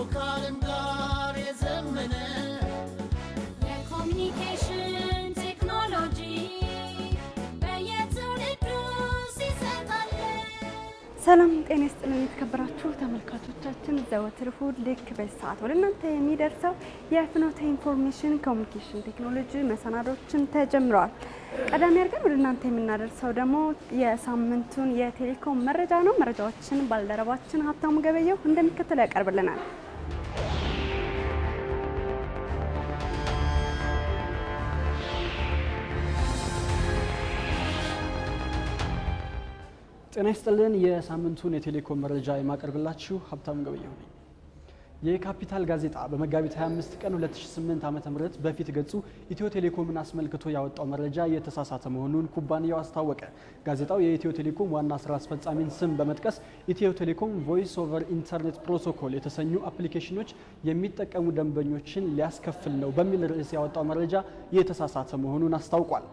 ከብሩክ ዓለም ጋር የዘመነ የኮሚኒኬሽን ቴክኖሎጂ በየትውልዱ ይሰጣል። ሰላም ጤና ይስጥልን የተከበራችሁ ተመልካቾቻችን፣ ዘወትር እሁድ ልክ በዚህ ወደ እናንተ የሚደርሰው የፍኖተ ኢንፎርሜሽን ኮሚኒኬሽን ቴክኖሎጂ መሰናዶችን ተጀምረዋል። ቀዳሚ አድርገን ወደ እናንተ የምናደርሰው ደግሞ የሳምንቱን የቴሌኮም መረጃ ነው። መረጃዎችን ባልደረባችን ሀብታሙ ገበየው እንደሚከተለው ያቀርብልናል። ጤና ይስጥልን። የሳምንቱን የቴሌኮም መረጃ የማቀርብላችሁ ሀብታም ገበየሁ ነኝ። የካፒታል ጋዜጣ በመጋቢት 25 ቀን 2008 ዓ.ም በፊት ገጹ ኢትዮ ቴሌኮምን አስመልክቶ ያወጣው መረጃ የተሳሳተ መሆኑን ኩባንያው አስታወቀ። ጋዜጣው የኢትዮ ቴሌኮም ዋና ስራ አስፈጻሚን ስም በመጥቀስ ኢትዮ ቴሌኮም ቮይስ ኦቨር ኢንተርኔት ፕሮቶኮል የተሰኙ አፕሊኬሽኖች የሚጠቀሙ ደንበኞችን ሊያስከፍል ነው በሚል ርዕስ ያወጣው መረጃ የተሳሳተ መሆኑን አስታውቋል።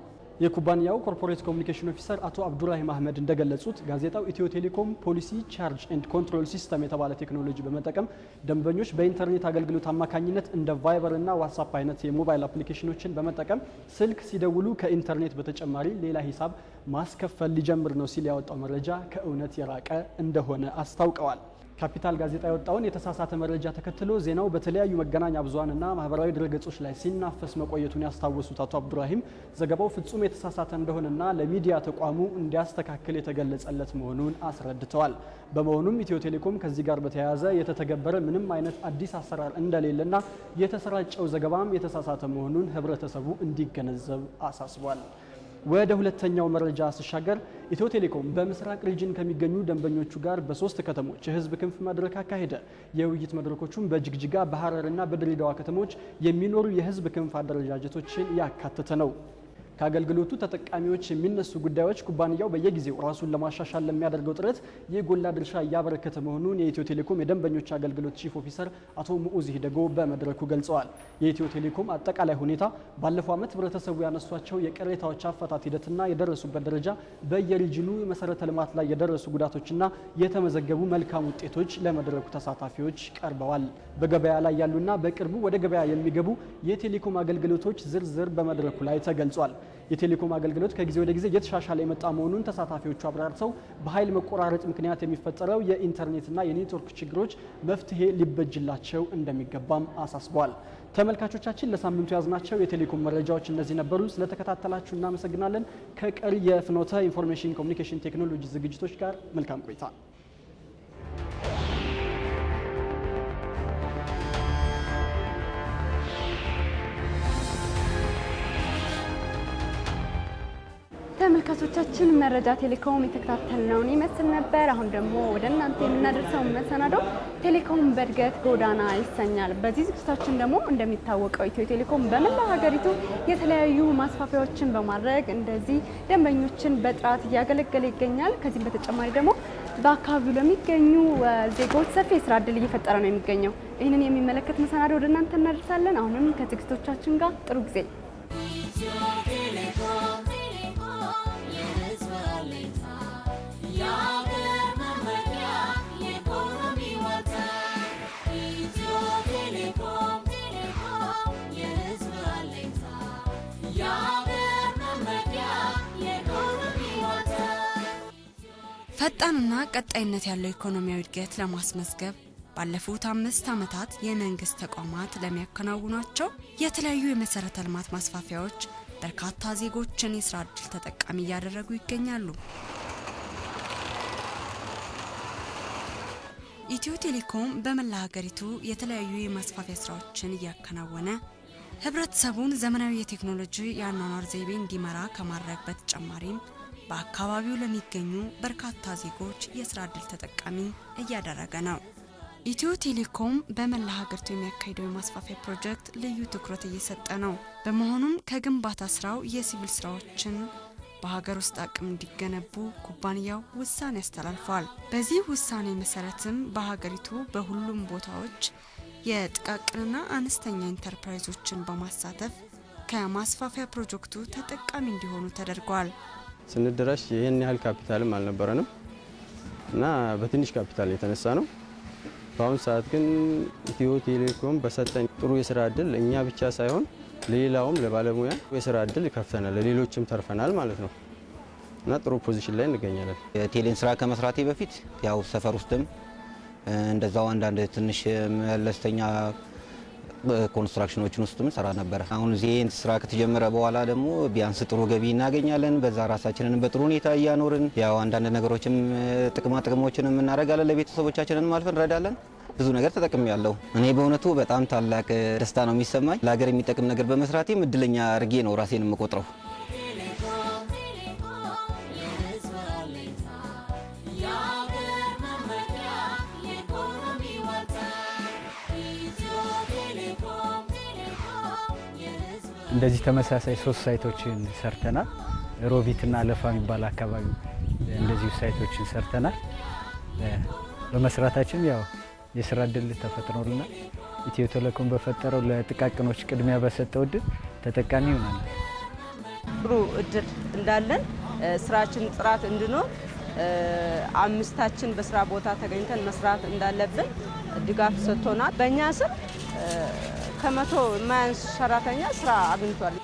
የኩባንያው ኮርፖሬት ኮሚኒኬሽን ኦፊሰር አቶ አብዱራሂም አህመድ እንደገለጹት ጋዜጣው ኢትዮ ቴሌኮም ፖሊሲ ቻርጅ ኤንድ ኮንትሮል ሲስተም የተባለ ቴክኖሎጂ በመጠቀም ደንበኞች በኢንተርኔት አገልግሎት አማካኝነት እንደ ቫይበር እና ዋትሳፕ አይነት የሞባይል አፕሊኬሽኖችን በመጠቀም ስልክ ሲደውሉ ከኢንተርኔት በተጨማሪ ሌላ ሂሳብ ማስከፈል ሊጀምር ነው ሲል ያወጣው መረጃ ከእውነት የራቀ እንደሆነ አስታውቀዋል። ካፒታል ጋዜጣ የወጣውን የተሳሳተ መረጃ ተከትሎ ዜናው በተለያዩ መገናኛ ብዙኃንና ማህበራዊ ድረገጾች ላይ ሲናፈስ መቆየቱን ያስታወሱት አቶ አብዱራሂም ዘገባው ፍጹም የተሳሳተ እንደሆነና ለሚዲያ ተቋሙ እንዲያስተካክል የተገለጸለት መሆኑን አስረድተዋል። በመሆኑም ኢትዮ ቴሌኮም ከዚህ ጋር በተያያዘ የተተገበረ ምንም አይነት አዲስ አሰራር እንደሌለና የተሰራጨው ዘገባም የተሳሳተ መሆኑን ህብረተሰቡ እንዲገነዘብ አሳስቧል። ወደ ሁለተኛው መረጃ ስሻገር ኢትዮ ቴሌኮም በምስራቅ ሪጅን ከሚገኙ ደንበኞቹ ጋር በሶስት ከተሞች የህዝብ ክንፍ መድረክ አካሄደ። የውይይት መድረኮቹም በጅግጅጋ፣ በሐረርና በድሬዳዋ ከተሞች የሚኖሩ የህዝብ ክንፍ አደረጃጀቶችን ያካተተ ነው። ከአገልግሎቱ ተጠቃሚዎች የሚነሱ ጉዳዮች ኩባንያው በየጊዜው ራሱን ለማሻሻል ለሚያደርገው ጥረት የጎላ ድርሻ እያበረከተ መሆኑን የኢትዮ ቴሌኮም የደንበኞች አገልግሎት ቺፍ ኦፊሰር አቶ ሙኡዝ ሂደጎ በመድረኩ ገልጸዋል። የኢትዮ ቴሌኮም አጠቃላይ ሁኔታ ባለፈው ዓመት ህብረተሰቡ ያነሷቸው የቅሬታዎች አፈታት ሂደትና የደረሱበት ደረጃ፣ በየሪጅኑ መሰረተ ልማት ላይ የደረሱ ጉዳቶችና የተመዘገቡ መልካም ውጤቶች ለመድረኩ ተሳታፊዎች ቀርበዋል። በገበያ ላይ ያሉና በቅርቡ ወደ ገበያ የሚገቡ የቴሌኮም አገልግሎቶች ዝርዝር በመድረኩ ላይ ተገልጿል። የቴሌኮም አገልግሎት ከጊዜ ወደ ጊዜ እየተሻሻለ የመጣ መሆኑን ተሳታፊዎቹ አብራርተው በኃይል መቆራረጥ ምክንያት የሚፈጠረው የኢንተርኔትና የኔትወርክ ችግሮች መፍትሄ ሊበጅላቸው እንደሚገባም አሳስበዋል። ተመልካቾቻችን ለሳምንቱ ያዝናቸው የቴሌኮም መረጃዎች እነዚህ ነበሩ። ስለተከታተላችሁ እናመሰግናለን። ከቀሪ የፍኖተ ኢንፎርሜሽን ኮሚኒኬሽን ቴክኖሎጂ ዝግጅቶች ጋር መልካም ቆይታ ተመልካቾቻችን መረጃ ቴሌኮም የተከታተልነውን ይመስል ነበር። አሁን ደግሞ ወደ እናንተ የምናደርሰው መሰናዶ ቴሌኮም በእድገት ጎዳና ይሰኛል። በዚህ ዝግጅታችን ደግሞ እንደሚታወቀው ኢትዮ ቴሌኮም በመላው ሀገሪቱ የተለያዩ ማስፋፊያዎችን በማድረግ እንደዚህ ደንበኞችን በጥራት እያገለገለ ይገኛል። ከዚህም በተጨማሪ ደግሞ በአካባቢው ለሚገኙ ዜጎች ሰፊ የስራ እድል እየፈጠረ ነው የሚገኘው። ይህንን የሚመለከት መሰናዶ ወደ እናንተ እናደርሳለን። አሁንም ከዝግጅቶቻችን ጋር ጥሩ ጊዜ ፈጣንና ቀጣይነት ያለው ኢኮኖሚያዊ እድገት ለማስመዝገብ ባለፉት አምስት ዓመታት የመንግስት ተቋማት ለሚያከናውኗቸው የተለያዩ የመሰረተ ልማት ማስፋፊያዎች በርካታ ዜጎችን የስራ እድል ተጠቃሚ እያደረጉ ይገኛሉ። ኢትዮ ቴሌኮም በመላ ሀገሪቱ የተለያዩ የማስፋፊያ ስራዎችን እያከናወነ ህብረተሰቡን ዘመናዊ የቴክኖሎጂ የአኗኗር ዘይቤ እንዲመራ ከማድረግ በተጨማሪም በአካባቢው ለሚገኙ በርካታ ዜጎች የስራ እድል ተጠቃሚ እያደረገ ነው። ኢትዮ ቴሌኮም በመላ ሀገሪቱ የሚያካሂደው የማስፋፊያ ፕሮጀክት ልዩ ትኩረት እየሰጠ ነው። በመሆኑም ከግንባታ ስራው የሲቪል ስራዎችን በሀገር ውስጥ አቅም እንዲገነቡ ኩባንያው ውሳኔ ያስተላልፏል። በዚህ ውሳኔ መሰረትም በሀገሪቱ በሁሉም ቦታዎች የጥቃቅንና አነስተኛ ኢንተርፕራይዞችን በማሳተፍ ከማስፋፊያ ፕሮጀክቱ ተጠቃሚ እንዲሆኑ ተደርጓል። ስንደራሽ ይህን ያህል ካፒታልም አልነበረንም እና በትንሽ ካፒታል የተነሳ ነው። በአሁኑ ሰዓት ግን ኢትዮ ቴሌኮም በሰጠን ጥሩ የስራ እድል እኛ ብቻ ሳይሆን ሌላውም ለባለሙያ የስራ እድል ከፍተናል፣ ለሌሎችም ተርፈናል ማለት ነው እና ጥሩ ፖዚሽን ላይ እንገኛለን። የቴሌን ስራ ከመስራቴ በፊት ያው ሰፈር ውስጥም እንደዛው አንዳንድ ትንሽ መለስተኛ ኮንስትራክሽኖችን ውስጥ ሰራ ነበረ። አሁን ይህን ስራ ከተጀመረ በኋላ ደግሞ ቢያንስ ጥሩ ገቢ እናገኛለን። በዛ ራሳችንን በጥሩ ሁኔታ እያኖርን ያው አንዳንድ ነገሮችም ጥቅማ ጥቅሞችንም እናደርጋለን። ለቤተሰቦቻችንን ማልፈ እንረዳለን። ብዙ ነገር ተጠቅም ያለው እኔ በእውነቱ በጣም ታላቅ ደስታ ነው የሚሰማኝ። ለሀገር የሚጠቅም ነገር በመስራቴም እድለኛ አድርጌ ነው ራሴን የምቆጥረው። እንደዚህ ተመሳሳይ ሶስት ሳይቶችን ሰርተናል። ሮቢትና ለፋ የሚባል አካባቢ እንደዚሁ ሳይቶችን ሰርተናል። በመስራታችን ያው የስራ እድል ተፈጥሮልናል። ኢትዮ ቴሌኮም በፈጠረው ለጥቃቅኖች ቅድሚያ በሰጠው እድል ተጠቃሚ ይሆናል። ጥሩ እድል እንዳለን ስራችን ጥራት እንድኖር አምስታችን በስራ ቦታ ተገኝተን መስራት እንዳለብን ድጋፍ ሰጥቶናል። በእኛ ስር ከመቶ የማያንስ ሰራተኛ ስራ አግኝቷል።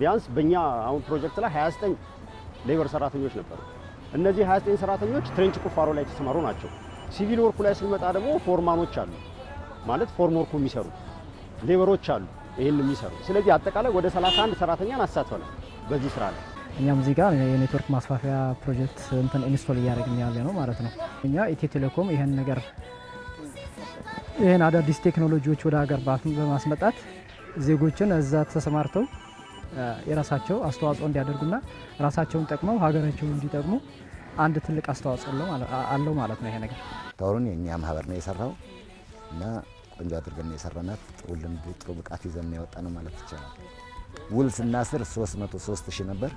ቢያንስ በእኛ አሁን ፕሮጀክት ላይ 29 ሌበር ሰራተኞች ነበሩ። እነዚህ 29 ሰራተኞች ትሬንች ቁፋሮ ላይ የተሰማሩ ናቸው። ሲቪል ወርኩ ላይ ስንመጣ ደግሞ ፎርማኖች አሉ፣ ማለት ፎርም ወርኩ የሚሰሩ ሌበሮች አሉ ይህን የሚሰሩ። ስለዚህ አጠቃላይ ወደ 31 ሰራተኛን አሳትፈናል በዚህ ስራ ላይ እኛም እዚህ ጋር የኔትወርክ ማስፋፊያ ፕሮጀክት እንትን ኢንስቶል እያደረግን ያለ ነው ማለት ነው። እኛ ኢትዮ ቴሌኮም ይህን ነገር ይህን አዳዲስ ቴክኖሎጂዎች ወደ ሀገር በማስመጣት ዜጎችን እዛ ተሰማርተው የራሳቸው አስተዋጽኦ እንዲያደርጉና ራሳቸውን ጠቅመው ሀገራቸውን እንዲጠቅሙ አንድ ትልቅ አስተዋጽኦ አለው ማለት ነው። ይሄ ነገር ታወሩን የእኛ ማህበር ነው የሰራው እና ቆንጆ አድርገን የሰራናት ጥሩ ልምድ ጥሩ ብቃት ይዘን ያወጣ ነው ማለት ይቻላል። ውል ስናስር 303 ሺህ ነበር።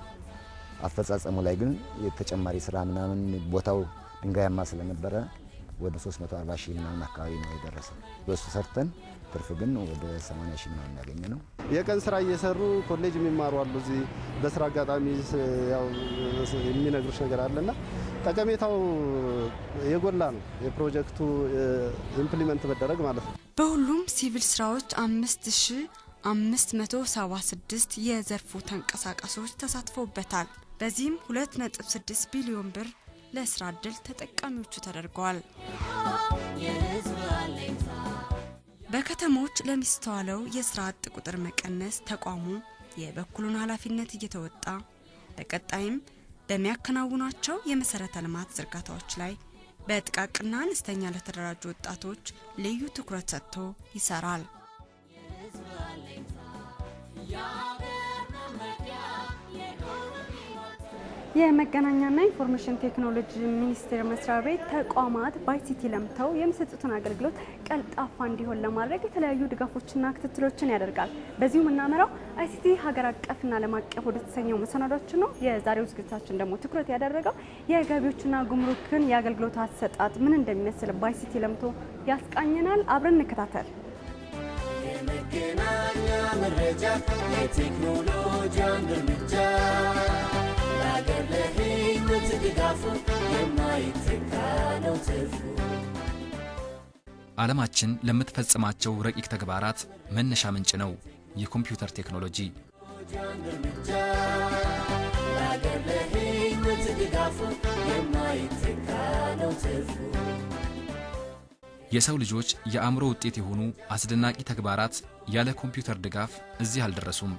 አፈጻጸሙ ላይ ግን ተጨማሪ ስራ ምናምን ቦታው ድንጋያማ ስለነበረ ወደ 340 ሺህ ምናምን አካባቢ ነው የደረሰው። በሱ ሰርተን ትርፍ ግን ወደ 80 ሺህ ምናምን ያገኘ ነው። የቀን ስራ እየሰሩ ኮሌጅ የሚማሩ አሉ። እዚህ በስራ አጋጣሚ የሚነግሩሽ ነገር አለና ጠቀሜታው የጎላ ነው። የፕሮጀክቱ ኢምፕሊመንት መደረግ ማለት ነው። በሁሉም ሲቪል ስራዎች አምስት ሺህ አምስት መቶ ሰባ ስድስት የዘርፉ ተንቀሳቃሾች ተሳትፈውበታል። በዚህም 2.6 ቢሊዮን ብር ለስራ ዕድል ተጠቃሚዎቹ ተደርገዋል። በከተሞች ለሚስተዋለው የስራ አጥ ቁጥር መቀነስ ተቋሙ የበኩሉን ኃላፊነት እየተወጣ በቀጣይም በሚያከናውናቸው የመሰረተ ልማት ዝርጋታዎች ላይ በጥቃቅና አነስተኛ ለተደራጁ ወጣቶች ልዩ ትኩረት ሰጥቶ ይሰራል። የመገናኛና ኢንፎርሜሽን ቴክኖሎጂ ሚኒስቴር መስሪያ ቤት ተቋማት በአይሲቲ ለምተው የሚሰጡትን አገልግሎት ቀልጣፋ እንዲሆን ለማድረግ የተለያዩ ድጋፎችና ክትትሎችን ያደርጋል። በዚሁ የምናመራው አይሲቲ ሀገር አቀፍና ዓለም አቀፍ ወደ ተሰኘው መሰናዷችን ነው። የዛሬው ዝግጅታችን ደግሞ ትኩረት ያደረገው የገቢዎችና ጉምሩክን የአገልግሎት አሰጣጥ ምን እንደሚመስል በአይሲቲ ለምቶ ያስቃኘናል። አብረን እንከታተል። የመገናኛ መረጃ የቴክኖሎጂ አንድ እርምጃ አለማችን ድጋፉ የማይተካ ነው ትርፉ። ዓለማችን ለምትፈጽማቸው ረቂቅ ተግባራት መነሻ ምንጭ ነው የኮምፒውተር ቴክኖሎጂ። የሰው ልጆች የአእምሮ ውጤት የሆኑ አስደናቂ ተግባራት ያለ ኮምፒውተር ድጋፍ እዚህ አልደረሱም።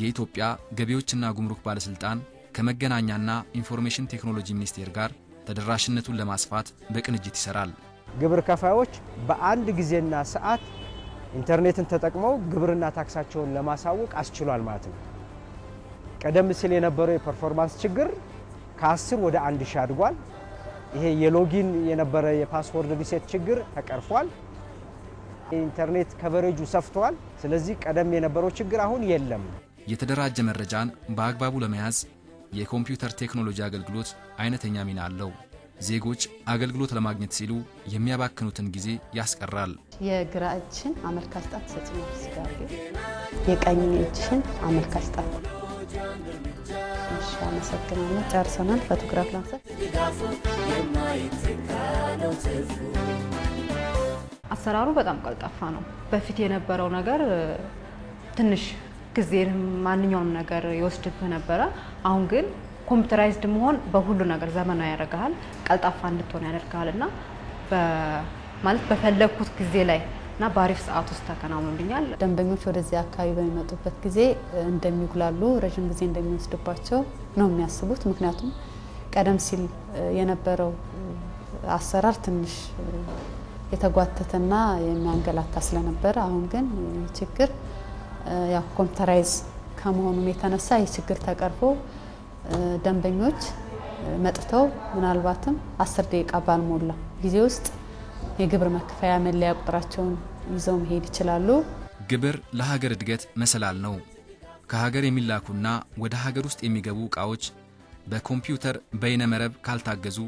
የኢትዮጵያ ገቢዎችና ጉምሩክ ባለስልጣን ከመገናኛና ኢንፎርሜሽን ቴክኖሎጂ ሚኒስቴር ጋር ተደራሽነቱን ለማስፋት በቅንጅት ይሰራል። ግብር ከፋዮች በአንድ ጊዜና ሰዓት ኢንተርኔትን ተጠቅመው ግብርና ታክሳቸውን ለማሳወቅ አስችሏል ማለት ነው። ቀደም ሲል የነበረው የፐርፎርማንስ ችግር ከ10 ወደ 1 ሺ አድጓል። ይሄ የሎጊን የነበረ የፓስወርድ ሪሴት ችግር ተቀርፏል። ኢንተርኔት ከቨሬጁ ሰፍቷል። ስለዚህ ቀደም የነበረው ችግር አሁን የለም። የተደራጀ መረጃን በአግባቡ ለመያዝ የኮምፒውተር ቴክኖሎጂ አገልግሎት አይነተኛ ሚና አለው። ዜጎች አገልግሎት ለማግኘት ሲሉ የሚያባክኑትን ጊዜ ያስቀራል። የግራ እጅን አመልካች ጣት ተጽዕኖ ስጋር፣ የቀኝ አመልካች ጣት። አመሰግናለሁ። ጨርሰናል። ፎቶግራፍ ላንሳ አሰራሩ በጣም ቀልጣፋ ነው። በፊት የነበረው ነገር ትንሽ ጊዜ ማንኛውም ነገር ይወስድብህ ነበረ። አሁን ግን ኮምፒውተራይዝድ መሆን በሁሉ ነገር ዘመናዊ ያደርግሃል፣ ቀልጣፋ እንድትሆን ያደርግሃል እና ማለት በፈለግኩት ጊዜ ላይ እና በአሪፍ ሰዓት ውስጥ ተከናውኑልኛል። ደንበኞች ወደዚህ አካባቢ በሚመጡበት ጊዜ እንደሚጉላሉ፣ ረዥም ጊዜ እንደሚወስድባቸው ነው የሚያስቡት። ምክንያቱም ቀደም ሲል የነበረው አሰራር ትንሽ የተጓተተና የሚያንገላታ ስለነበረ አሁን ግን ይህ ችግር ያው ኮምፒውተራይዝ ከመሆኑም የተነሳ ይህ ችግር ተቀርፎ ደንበኞች መጥተው ምናልባትም አስር ደቂቃ ባልሞላ ጊዜ ውስጥ የግብር መክፈያ መለያ ቁጥራቸውን ይዘው መሄድ ይችላሉ። ግብር ለሀገር እድገት መሰላል ነው። ከሀገር የሚላኩና ወደ ሀገር ውስጥ የሚገቡ እቃዎች በኮምፒውተር በይነመረብ ካልታገዙ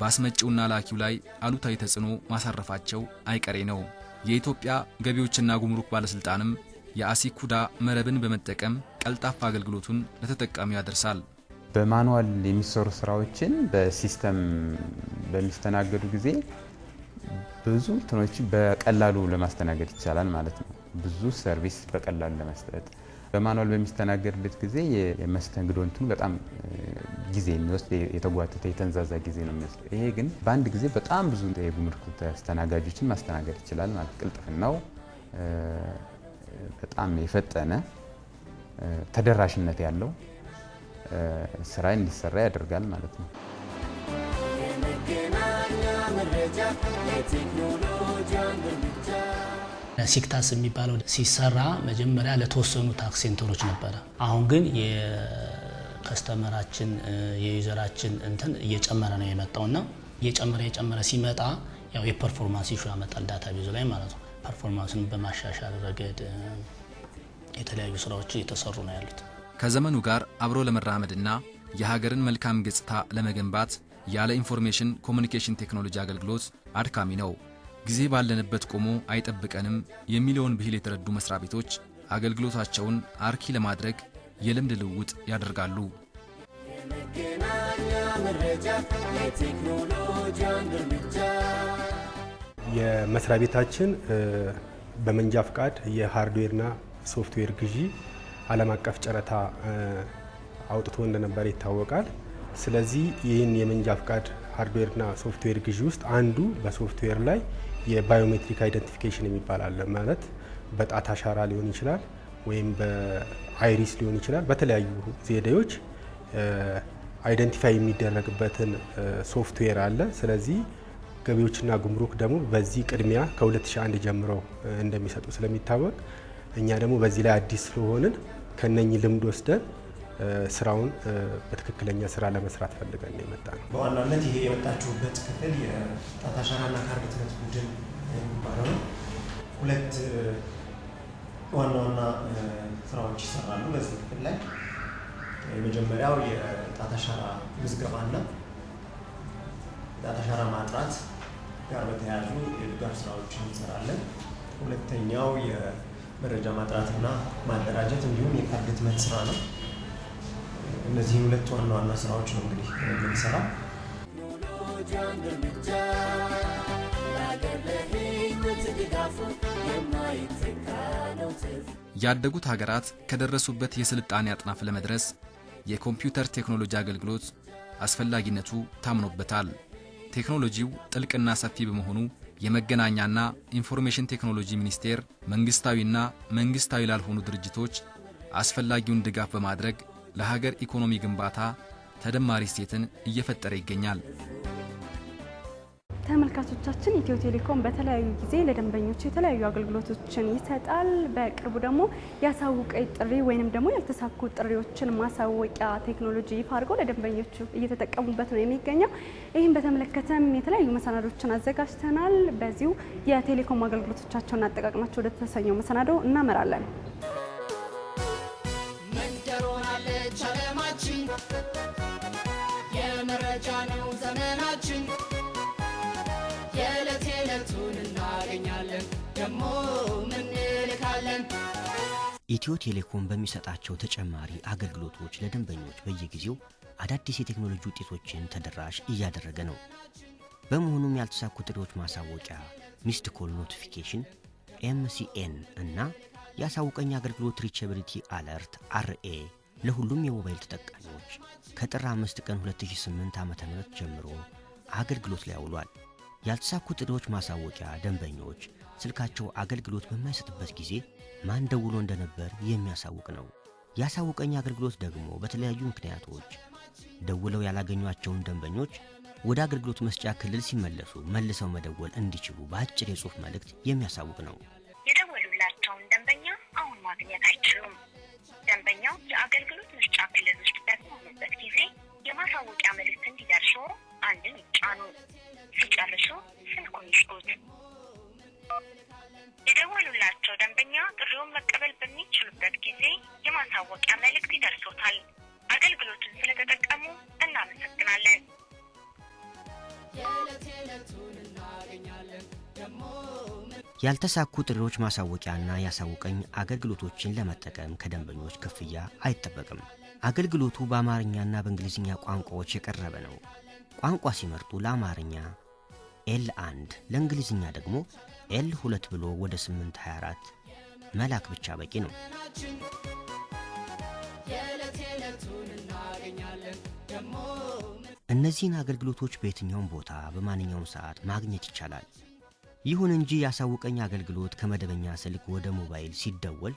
በአስመጪውና ላኪው ላይ አሉታዊ ተጽዕኖ ማሳረፋቸው አይቀሬ ነው። የኢትዮጵያ ገቢዎችና ጉምሩክ ባለሥልጣንም የአሲኩዳ መረብን በመጠቀም ቀልጣፋ አገልግሎቱን ለተጠቃሚው ያደርሳል። በማኑዋል የሚሰሩ ስራዎችን በሲስተም በሚስተናገዱ ጊዜ ብዙ እንትኖችን በቀላሉ ለማስተናገድ ይቻላል ማለት ነው። ብዙ ሰርቪስ በቀላሉ ለመስጠት በማኑዋል በሚስተናገድበት ጊዜ የመስተንግዶ እንትኑ በጣም ጊዜ የሚወስድ የተጓተተ የተንዛዛ ጊዜ ነው የሚወስድ። ይሄ ግን በአንድ ጊዜ በጣም ብዙ የጉምሩክ ተስተናጋጆችን ማስተናገድ ይችላል ማለት ቅልጥፍናው በጣም የፈጠነ ተደራሽነት ያለው ስራ እንዲሰራ ያደርጋል ማለት ነው። ሲክታስ የሚባለው ሲሰራ መጀመሪያ ለተወሰኑ ታክስ ሴንተሮች ነበረ። አሁን ግን ከስተመራችን የዩዘራችን እንትን እየጨመረ ነው የመጣው እና እየጨመረ የጨመረ ሲመጣ ያው የፐርፎርማንስ ኢሹ ያመጣል ዳታ ቤዙ ላይ ማለት ነው። ፐርፎርማንስን በማሻሻል ረገድ የተለያዩ ስራዎች እየተሰሩ ነው ያሉት። ከዘመኑ ጋር አብሮ ለመራመድና የሀገርን መልካም ገጽታ ለመገንባት ያለ ኢንፎርሜሽን ኮሚኒኬሽን ቴክኖሎጂ አገልግሎት አድካሚ ነው። ጊዜ ባለንበት ቆሞ አይጠብቀንም የሚለውን ብሂል የተረዱ መስሪያ ቤቶች አገልግሎታቸውን አርኪ ለማድረግ የልምድ ልውውጥ ያደርጋሉ። የመስሪያ ቤታችን በመንጃ ፍቃድ የሃርድዌርና ሶፍትዌር ግዢ ዓለም አቀፍ ጨረታ አውጥቶ እንደነበረ ይታወቃል። ስለዚህ ይህን የመንጃ ፍቃድ ሃርድዌርና ሶፍትዌር ግዢ ውስጥ አንዱ በሶፍትዌር ላይ የባዮሜትሪክ አይደንቲፊኬሽን የሚባል አለ። ማለት በጣት አሻራ ሊሆን ይችላል ወይም አይሪስ ሊሆን ይችላል። በተለያዩ ዘዴዎች አይደንቲፋይ የሚደረግበትን ሶፍትዌር አለ። ስለዚህ ገቢዎችና ጉምሩክ ደግሞ በዚህ ቅድሚያ ከ2001 ጀምሮ እንደሚሰጡ ስለሚታወቅ እኛ ደግሞ በዚህ ላይ አዲስ ስለሆንን ከነኚህ ልምድ ወስደን ስራውን በትክክለኛ ስራ ለመስራት ፈልገን ነው የመጣ ነው። በዋናነት ይሄ የመጣችሁበት ክፍል የጣት አሻራና ካርድ ትነት ቡድን የሚባለው ነው። ሁለት ዋና ዋና ስራዎች ይሰራሉ። በዚህ ክፍል ላይ የመጀመሪያው የጣት አሻራ ምዝገባና ጣት አሻራ ማጥራት ጋር በተያያዙ የድጋፍ ስራዎችን እንሰራለን። ሁለተኛው የመረጃ ማጥራትና ማደራጀት እንዲሁም የካርድ ህትመት ስራ ነው። እነዚህ ሁለት ዋና ዋና ስራዎች ነው እንግዲህ የምንሰራ ያደጉት ሀገራት ከደረሱበት የስልጣኔ አጥናፍ ለመድረስ የኮምፒውተር ቴክኖሎጂ አገልግሎት አስፈላጊነቱ ታምኖበታል። ቴክኖሎጂው ጥልቅና ሰፊ በመሆኑ የመገናኛና ኢንፎርሜሽን ቴክኖሎጂ ሚኒስቴር መንግስታዊና መንግስታዊ ላልሆኑ ድርጅቶች አስፈላጊውን ድጋፍ በማድረግ ለሀገር ኢኮኖሚ ግንባታ ተደማሪ እሴትን እየፈጠረ ይገኛል። ተመልካቾቻችን ኢትዮ ቴሌኮም በተለያዩ ጊዜ ለደንበኞች የተለያዩ አገልግሎቶችን ይሰጣል። በቅርቡ ደግሞ ያሳውቀኝ ጥሪ ወይንም ደግሞ ያልተሳኩ ጥሪዎችን ማሳወቂያ ቴክኖሎጂ ይፋ አድርገው ለደንበኞቹ እየተጠቀሙበት ነው የሚገኘው። ይህም በተመለከተም የተለያዩ መሰናዶችን አዘጋጅተናል። በዚሁ የቴሌኮም አገልግሎቶቻቸውን አጠቃቅማቸው ወደ ተሰኘው መሰናዶ እናመራለን። የመረጃ ነው ኢትዮ ቴሌኮም በሚሰጣቸው ተጨማሪ አገልግሎቶች ለደንበኞች በየጊዜው አዳዲስ የቴክኖሎጂ ውጤቶችን ተደራሽ እያደረገ ነው። በመሆኑም ያልተሳኩ ጥሪዎች ማሳወቂያ፣ ሚስድ ኮል ኖቲፊኬሽን፣ ኤምሲኤን እና የአሳውቀኝ አገልግሎት ሪቸብሊቲ አለርት አርኤ ለሁሉም የሞባይል ተጠቃሚዎች ከጥር 5 ቀን 2008 ዓ.ም ጀምሮ አገልግሎት ላይ አውሏል። ያልተሳኩ ጥሪዎች ማሳወቂያ ደንበኞች ስልካቸው አገልግሎት በማይሰጥበት ጊዜ ማን ደውሎ እንደነበር የሚያሳውቅ ነው። ያሳውቀኝ አገልግሎት ደግሞ በተለያዩ ምክንያቶች ደውለው ያላገኟቸውን ደንበኞች ወደ አገልግሎት መስጫ ክልል ሲመለሱ መልሰው መደወል እንዲችሉ በአጭር የጽሑፍ መልእክት የሚያሳውቅ ነው። የደወሉላቸውን ደንበኛ አሁን ማግኘት አይችሉም። ደንበኛው የአገልግሎት መስጫ ክልል ውስጥ በሚሆኑበት ጊዜ የማሳወቂያ መልእክት እንዲደርሶ አንድን ይጫኑ። ሲጨርሱ ስልኩን ይስጡት። የደወሉላቸው ደንበኛ ጥሪውን መቀበል በሚችሉበት ጊዜ የማሳወቂያ መልእክት ይደርሶታል። አገልግሎቱን ስለተጠቀሙ እናመሰግናለን። ያልተሳኩ ጥሪዎች ማሳወቂያና ያሳውቀኝ አገልግሎቶችን ለመጠቀም ከደንበኞች ክፍያ አይጠበቅም። አገልግሎቱ በአማርኛና በእንግሊዝኛ ቋንቋዎች የቀረበ ነው። ቋንቋ ሲመርጡ ለአማርኛ ኤል አንድ ለእንግሊዝኛ ደግሞ ኤል 2 ብሎ ወደ 824 መላክ ብቻ በቂ ነው። እነዚህን አገልግሎቶች በየትኛውም ቦታ በማንኛውም ሰዓት ማግኘት ይቻላል። ይሁን እንጂ ያሳውቀኝ አገልግሎት ከመደበኛ ስልክ ወደ ሞባይል ሲደወል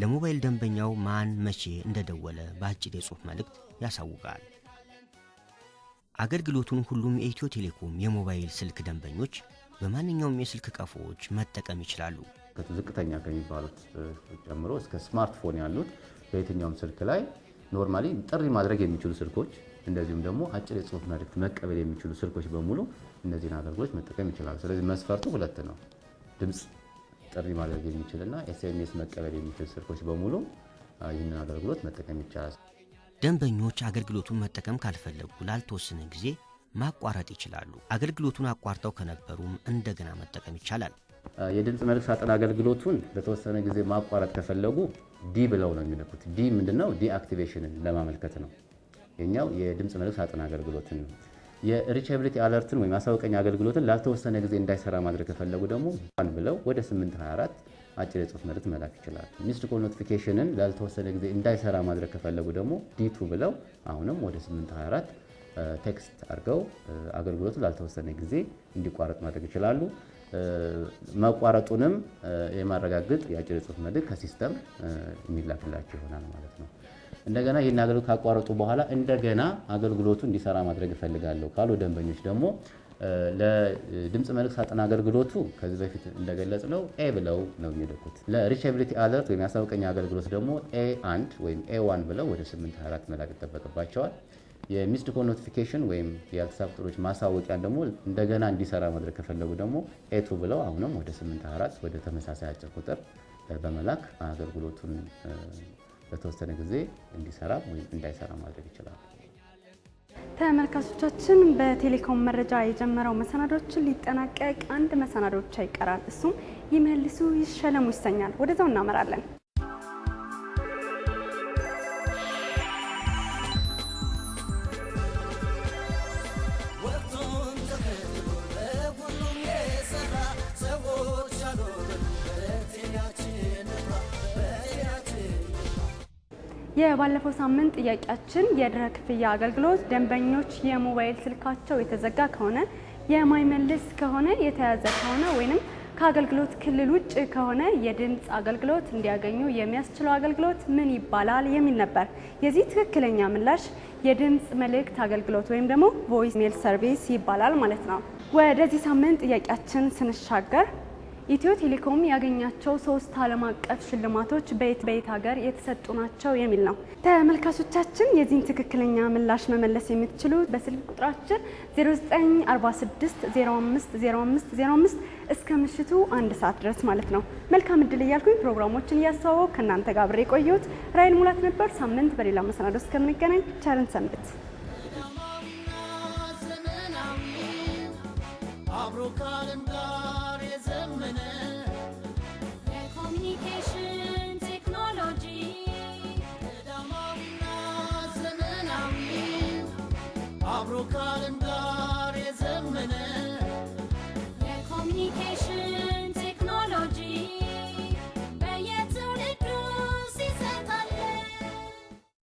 ለሞባይል ደንበኛው ማን መቼ እንደደወለ በአጭር የጽሑፍ መልእክት ያሳውቃል። አገልግሎቱን ሁሉም የኢትዮ ቴሌኮም የሞባይል ስልክ ደንበኞች በማንኛውም የስልክ ቀፎዎች መጠቀም ይችላሉ። ዝቅተኛ ከሚባሉት ጨምሮ እስከ ስማርትፎን ያሉት በየትኛውም ስልክ ላይ ኖርማሊ ጥሪ ማድረግ የሚችሉ ስልኮች እንደዚሁም ደግሞ አጭር የጽሁፍ መልእክት መቀበል የሚችሉ ስልኮች በሙሉ እነዚህን አገልግሎች መጠቀም ይችላሉ። ስለዚህ መስፈርቱ ሁለት ነው። ድምፅ ጥሪ ማድረግ የሚችልና ኤስኤምኤስ መቀበል የሚችሉ ስልኮች በሙሉ ይህንን አገልግሎት መጠቀም ይቻላል። ደንበኞች አገልግሎቱን መጠቀም ካልፈለጉ ላልተወሰነ ጊዜ ማቋረጥ ይችላሉ። አገልግሎቱን አቋርጠው ከነበሩም እንደገና መጠቀም ይቻላል። የድምፅ መልእክት ሳጥን አገልግሎቱን ለተወሰነ ጊዜ ማቋረጥ ከፈለጉ ዲ ብለው ነው የሚልኩት። ዲ ምንድነው? ዲአክቲቬሽንን ለማመልከት ነው። የኛው የድምፅ መልእክት ሳጥን አገልግሎትን ነው። የሪቻብሊቲ አለርትን ወይም ማሳወቀኛ አገልግሎትን ላልተወሰነ ጊዜ እንዳይሰራ ማድረግ ከፈለጉ ደግሞ ዋን ብለው ወደ 824 አጭር የጽሁፍ መልእክት መላክ ይችላል። ሚስድ ኮል ኖቲፊኬሽንን ላልተወሰነ ጊዜ እንዳይሰራ ማድረግ ከፈለጉ ደግሞ ዲቱ ብለው አሁንም ወደ 824 ቴክስት አድርገው አገልግሎቱ ላልተወሰነ ጊዜ እንዲቋረጥ ማድረግ ይችላሉ። መቋረጡንም የማረጋግጥ የአጭር ጽሑፍ መልእክት ከሲስተም የሚላክላቸው ይሆናል ማለት ነው። እንደገና ይህን አገልግሎት ካቋረጡ በኋላ እንደገና አገልግሎቱ እንዲሰራ ማድረግ እፈልጋለሁ ካሉ ደንበኞች ደግሞ ለድምፅ መልእክት ሳጥን አገልግሎቱ ከዚህ በፊት እንደገለጽ ነው ኤ ብለው ነው የሚልኩት። ለሪቻቢሊቲ አለርት ወይም ያሳውቀኛ አገልግሎት ደግሞ ኤ አንድ ወይም ኤ ዋን ብለው ወደ 824 መላክ ይጠበቅባቸዋል። የሚስድ ኮል ኖቲፊኬሽን ወይም የአክሳብ ጥሮች ማሳወቂያን ደግሞ እንደገና እንዲሰራ ማድረግ ከፈለጉ ደግሞ ኤቱ ብለው አሁንም ወደ 84 ወደ ተመሳሳይ አጭር ቁጥር በመላክ አገልግሎቱን በተወሰነ ጊዜ እንዲሰራ ወይም እንዳይሰራ ማድረግ ይችላሉ። ተመልካቾቻችን በቴሌኮም መረጃ የጀመረው መሰናዶችን ሊጠናቀቅ አንድ መሰናዶ ብቻ ይቀራል። እሱም ይመልሱ ይሸለሙ ይሰኛል። ወደዛው እናመራለን። የባለፈው ሳምንት ጥያቄያችን የድህረ ክፍያ አገልግሎት ደንበኞች የሞባይል ስልካቸው የተዘጋ ከሆነ የማይመልስ ከሆነ የተያዘ ከሆነ ወይንም ከአገልግሎት ክልል ውጭ ከሆነ የድምፅ አገልግሎት እንዲያገኙ የሚያስችለው አገልግሎት ምን ይባላል የሚል ነበር። የዚህ ትክክለኛ ምላሽ የድምፅ መልእክት አገልግሎት ወይም ደግሞ ቮይስ ሜል ሰርቪስ ይባላል ማለት ነው። ወደዚህ ሳምንት ጥያቄያችን ስንሻገር ኢትዮ ቴሌኮም ያገኛቸው ሶስት ዓለም አቀፍ ሽልማቶች በየት በየት ሀገር የተሰጡ ናቸው የሚል ነው። ተመልካቾቻችን የዚህን ትክክለኛ ምላሽ መመለስ የምትችሉ በስልክ ቁጥራችን 0946 05 እስከ ምሽቱ አንድ ሰዓት ድረስ ማለት ነው። መልካም እድል እያልኩኝ ፕሮግራሞችን እያስተዋወቅ ከእናንተ ጋር አብሬ የቆየሁት ራይል ሙላት ነበር። ሳምንት በሌላ መሰናዶ እስከምንገናኝ ቸርን ሰንብት። አብሮ